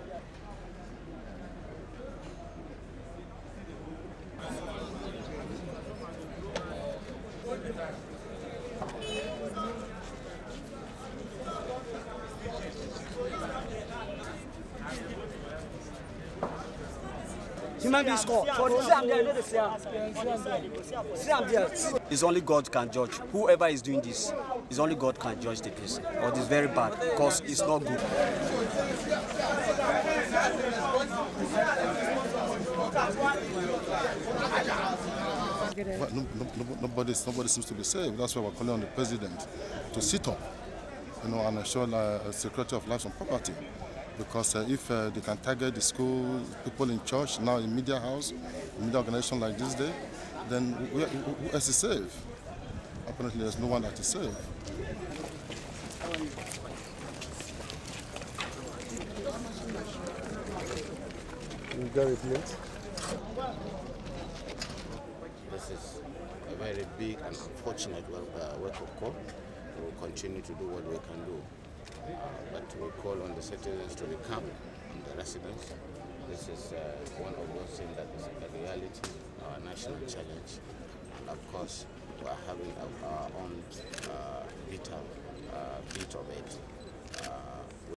Ah, it's only God can judge. Whoever is doing this, it's only God can judge the case. But it's very bad because it's not good. But no, no, nobody, nobody seems to be saved. That's why we're calling on the president to sit up, you know, and ensure the uh, security of lives and property. Because uh, if uh, they can target the school, people in church, now in media house, media organization like this day, then who, who else is safe? Apparently, there's no one that is safe. You got it, mate. This is a very big and unfortunate work, uh, work of call. We will continue to do what we can do. Uh, but we call on the citizens to become and the residents. This is uh, one of those things that is a reality, our national challenge. And of course, we are having our, our own uh,